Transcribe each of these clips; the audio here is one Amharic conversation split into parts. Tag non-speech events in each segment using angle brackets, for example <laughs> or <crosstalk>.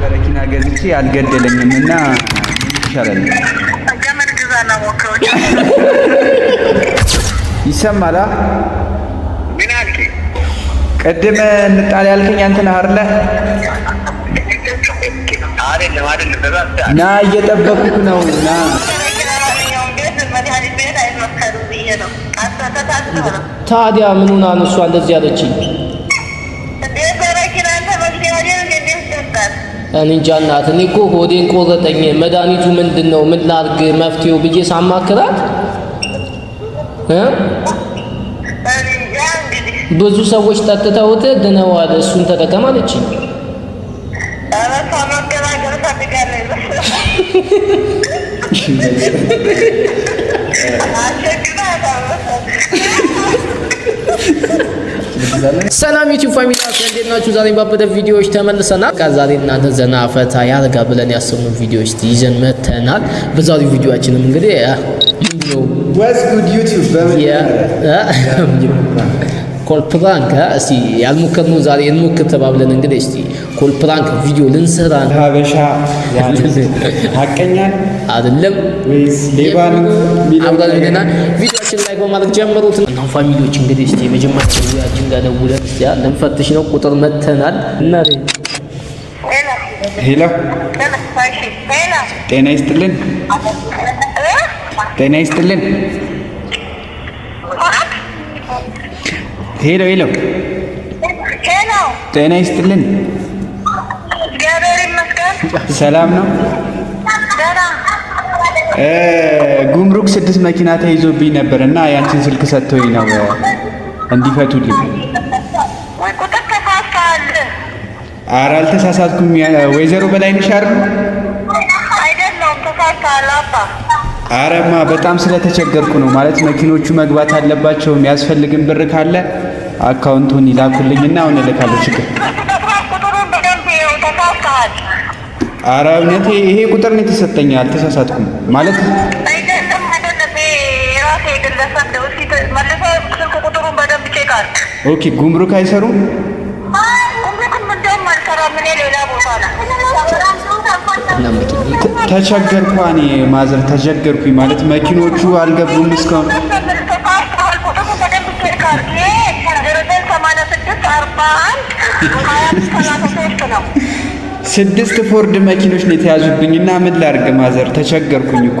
በረኪና ገዝቼ አልገደለኝም እና ይሻላል። ይሰማላ ቅድም እንጣል ያልከኝ አንተ ነህ አይደለ? ና እየጠበኩህ ነው። ና ታዲያ ምን ሆና ነው እሷ እንደዚህ ያለችኝ? እንጃ እናት፣ እኔ እኮ ሆዴን ቆረጠኝ፣ መድኃኒቱ ምንድን ነው? ምን ላድርግ? መፍትሄው ብዬ ሳማክራት ብዙ ሰዎች ጠጥተውት ድነዋል፣ እሱን ተጠቀም አለችኝ። ሰላም ዩቲዩብ ፋሚሊ እንዴት ናችሁ? ዛሬ ባበደ ቪዲዮዎች ተመልሰናል። ዛሬ እናንተ ዘና ፈታ ያደርጋ ብለን ያሰሙ ቪዲዮዎች ይዘን መተናል። በዛሬው ቪዲዮአችንም እንግዲህ ኮልፕራንክ እስቲ ያልሞከርነው ዛሬ እንሞክር ተባብለን እንግዲህ እስቲ ኮልፕራንክ ቪዲዮ ልንሰራ ሀበሻ ሀቀኛል አይደለም ሌባን አብራን ብለናል። ቪዲዮችን ላይ በማድረግ ጀምሩት እና ፋሚሊዎች እንግዲህ እስቲ የመጀመሪያ ውያችን ጋር ደውለን እስቲ ልንፈትሽ ነው ቁጥር መተናል እና ሄሎ ጤና ይስጥልን ጤና ይስጥልን ሄሎ ሄሎ፣ ጤና ይስጥልን። ሰላም ነው። ጉምሩክ ስድስት መኪና ተይዞብኝ ነበር እና ያንቺን ስልክ ሰጥቶኝ ነው እንዲፈቱልኝ። ኧረ አልተሳሳትኩም። ወይዘሮ በላይነሽ አይደለም፣ ተሳስተሃል አባ አረማ በጣም ስለተቸገርኩ ነው ማለት መኪኖቹ መግባት አለባቸው። የሚያስፈልግን ብር ካለ አካውንቱን ይላኩልኝና አሁን እልካለሁ። ችግር አረ ይሄ ቁጥር ነው የተሰጠኝ፣ አልተሳሳትኩም ማለት ኦኬ። ጉምሩክ አይሰሩም ተቸገርኩ እኔ ማዘር ተቸገርኩኝ። ማለት መኪኖቹ አልገቡም እስካሁን ስድስት ፎርድ መኪኖች ነው የተያዙብኝ እና ምን ላድርግ ማዘር ተቸገርኩኝ እኮ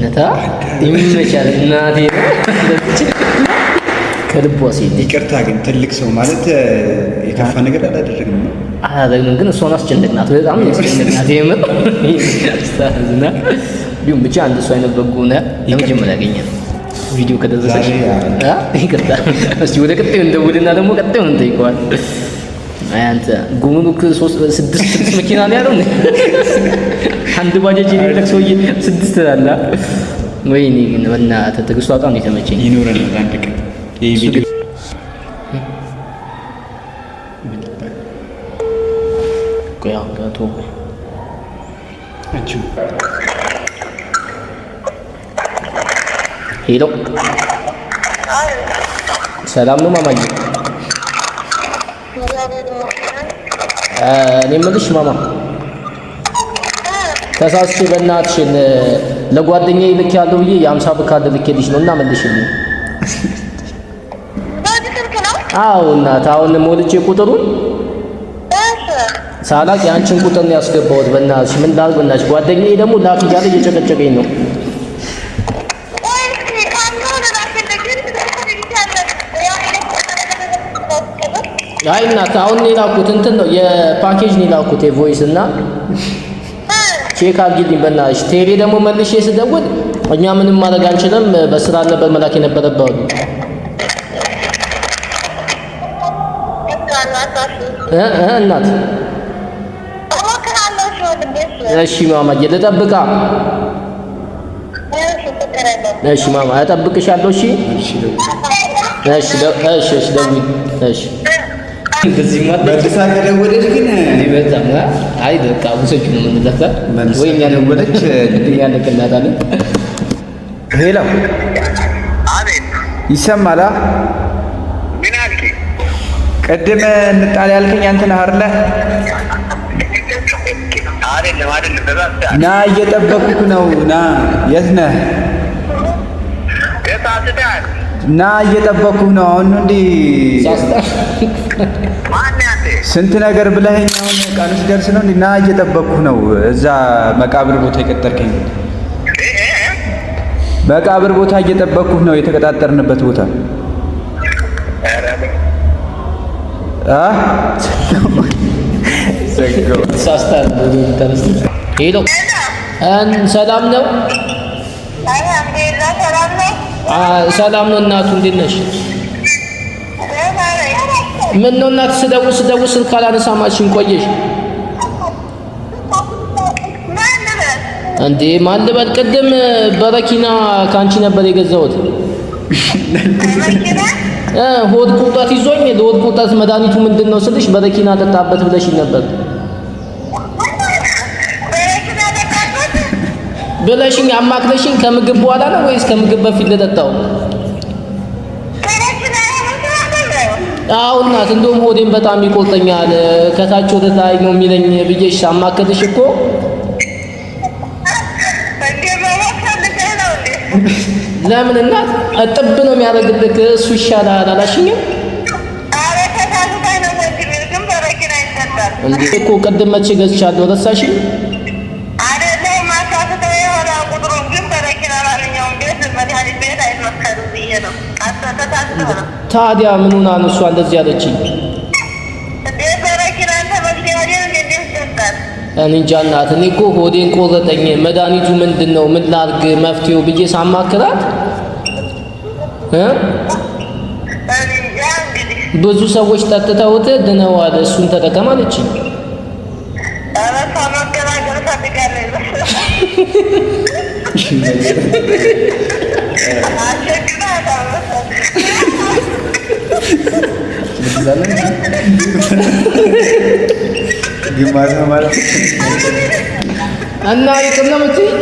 ጀግንነታ ይመቻል። እናቴ ከልቧ ሲል ይቅርታ። ግን ትልቅ ሰው ማለት የከፋ ነገር አላደረግም አላደረግም፣ ግን እሷን አስጨነቅናት። በጣም ያስጨነቅናት የምር ስታዝና ቢሆን ብቻ አንድ እሷ አይነት በጎ ሆነ ለመጀመሪያ ያገኘ ቪዲዮ ከደረሰች ይቅርታ። እስቲ ወደ ቀጣዩ እንደውልና ደግሞ ቀጣዩን እንጠይቀዋል። አንተ ጉምሩክ ስድስት ስድስት መኪና ነው ያለው አንድ ባጃጅ የሚለቅ ሰውዬ ስድስት አላ ወይ እና ትዕግስቷ በጣም የተመቸኝ አንድ ቀን ሄሎ ሰላም ነው እኔ የምልሽ ማማ ተሳስቼ በእናትሽን ለጓደኛዬ ልክ ያለው ብዬ የአምሳ ብር ካርድ ልኬልሽ ነው እና መልሽልኝ። አዎ እናት፣ አሁን ሞልቼ ቁጥሩን ሳላቅ የአንችን ቁጥር ነው ያስገባሁት። በእናትሽ ምን ላድርግ በእናትሽ። ጓደኛዬ ደግሞ ላክ እያለ እየጨቀጨቀኝ ነው። አይ እናት፣ አሁን ነው የላኩት እንትን ነው የፓኬጅ ነው የላኩት የቮይስ እና ቼክ አድርጊልኝ በእናትሽ። ቴሌ ደግሞ መልሼ ስደውል እኛ ምንም ማድረግ አንችልም፣ በስራ ነበር መላክ የነበረበት። እናት እሺ ማማ ልጠብቃ። እሺ ማማ እጠብቅሻለሁ። እሺ እሺ እሺ እሺ እሺ ከደወለች ግን በጣም አይ በቃ ውሰጅ ነው የምንላት ወይ እኛ ደወለች ያለቅላታለን። ሄሎ ይሰማላ ቅድም እንጣል ያልከኝ አንተ ነህ አይደለ? ና እየጠበኩህ ነው። ና የት ነህ? ና እየጠበኩህ ነው። አሁን እንዲህ ስንት ነገር ብለኸኝ አሁን ቀኑ ነው እና እየጠበቅኩ ነው። እዛ መቃብር ቦታ የቀጠርከኝ መቃብር ቦታ እየጠበቅኩ ነው። የተቀጣጠርንበት ቦታ ሰላም ነው። ሰላም ነው። እናቱ እንዴት ነሽ? ምን ነው እናት ስደውል ስደውል ስልክ አላነሳማሽን ቆየሽ እንዴ? ማን ልበል? ቅድም በረኪና ካንቺ ነበር የገዛሁት። ሆድ ቁርጠት ይዞኝ ለሆድ ቁርጠት መድኃኒቱ ምንድን ነው ስልሽ በረኪና ጠጣበት ብለሽ ነበር ብለሽኝ አማክለሽኝ። ከምግብ በኋላ ነው ወይስ ከምግብ በፊት ልጠጣው? አዎ እናት፣ እንደውም ሆዴን በጣም ይቆርጠኛል ከታች ወደ ላይ ነው የሚለኝ ብዬሽ ሳማከትሽ እኮ ለምን እናት እጥብ ነው የሚያደርግልህ እሱ ይሻላል አላልሽኝም? እንዴ እኮ ቅድም መቼ ገዝቻለሁ ረሳሽኝ? አይደለም ታዲያ ምኑን እሷ እንደዚህ ያለችኝ? እኔ እንጃ እናት፣ እኔ እኮ ሆዴን ቆረጠኝ። መድኃኒቱ ምንድን ነው? ምን ላድርግ? መፍትሄው ብዬ ሳማክራት ብዙ ሰዎች ጠጥተውት ድነዋል፣ እሱን ተጠቀም አለችኝ። <laughs> እና ይቅር ነው የምትይኝ?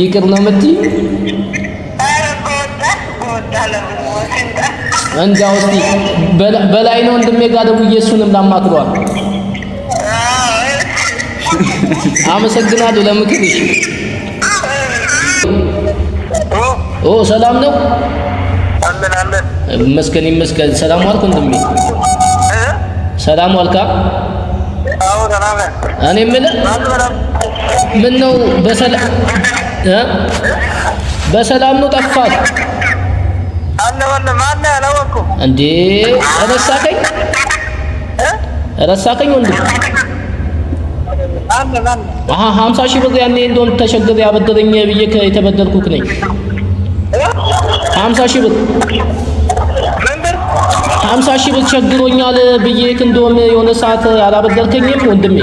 ይቅር ነው የምትይኝ? እንዲያው እስኪ በላይ ነው ወንድሜ ጋር ደውዬ እሱንም ላማክረዋል። አመሰግናለሁ ለምክርሽ። ኦ ሰላም ነው ይመስገን ይመስገን። ሰላም ዋልክ ወንድሜ፣ ሰላም ዋልካ? አዎ ሰላም እኔ የምልህ ምን ነው በሰላም በሰላም ነው ጠፋህ? እንዴ ረሳከኝ፣ ረሳከኝ ወንድም አሀ ሀምሳ ሺህ ብር ያኔ እንደውም ተቸግሬ ያበደረኝ ብዬ የተበደርኩክ ነኝ ሀምሳ ሺህ ብር ሀምሳ ሺህ ብር ቸግሮኛል ብዬ እንደውም የሆነ ሰዓት አላበደርከኝም ወንድሜ?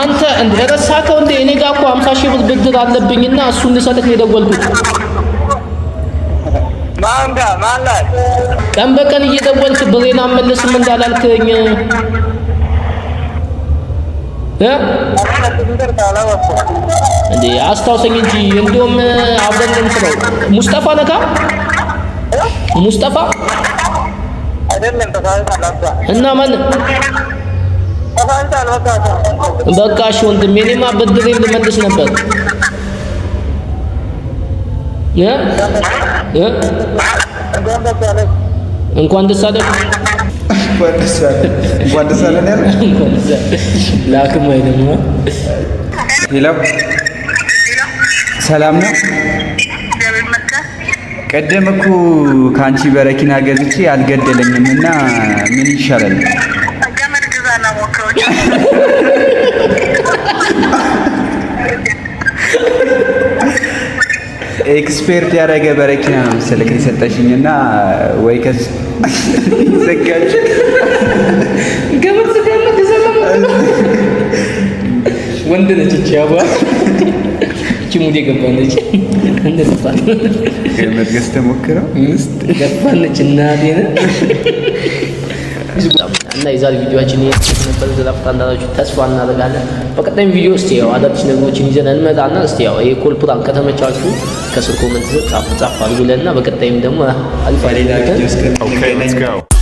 አንተ ረሳከው እንደ እኔ ጋር እኮ ሀምሳ ሺህ ብር ብድር አለብኝና እሱን ልሰጥህ ነው የደወልኩት። ቀን በቀን እየደወልክ ብሬን አመለስም እንዳላልከኝ እንዴ አስታውሰኝ እንጂ እንደውም አብረን ነው ሙስጠፋ ነካ ሙስጠፋ እና ማን በቃ እሺ ወንድሜ፣ እኔማ በድሬ ልመልስ ነበር። እንኳን ደስ አለ ላክም ወይ ደግሞ ሰላም ነው። ቀደም እኮ ከአንቺ በረኪና ገዝቼ አልገደለኝም እና ምን ይሻላል? ኤክስፐርት ግዛና ያደረገ በረኪና ነው መሰለህ የሰጠሽኝ እና ወይ ከስ ዘጋጅ ገመድ ስጋለ ገዘለ ወንድ ነች ይቻባ እቺ ሙድ የገባለች እንደ ተፋት መድገስ ተሞክረው ገባለች። እናቴን እና የዛሬ ቪዲዮችን ነበር። ዘላፍታ እንዳላችሁ ተስፋ እናደርጋለን። በቀጣይ ቪዲዮ እስቲ ያው አዳዲስ ነገሮችን ይዘን እንመጣና እስቲ ያው ይሄ ኮል ፕራንክ ከተመቻችሁ ከስር ኮመንት ጻፍ ጻፍ አድርጉልንና በቀጣይም ደግሞ አሪፍ አሪፍ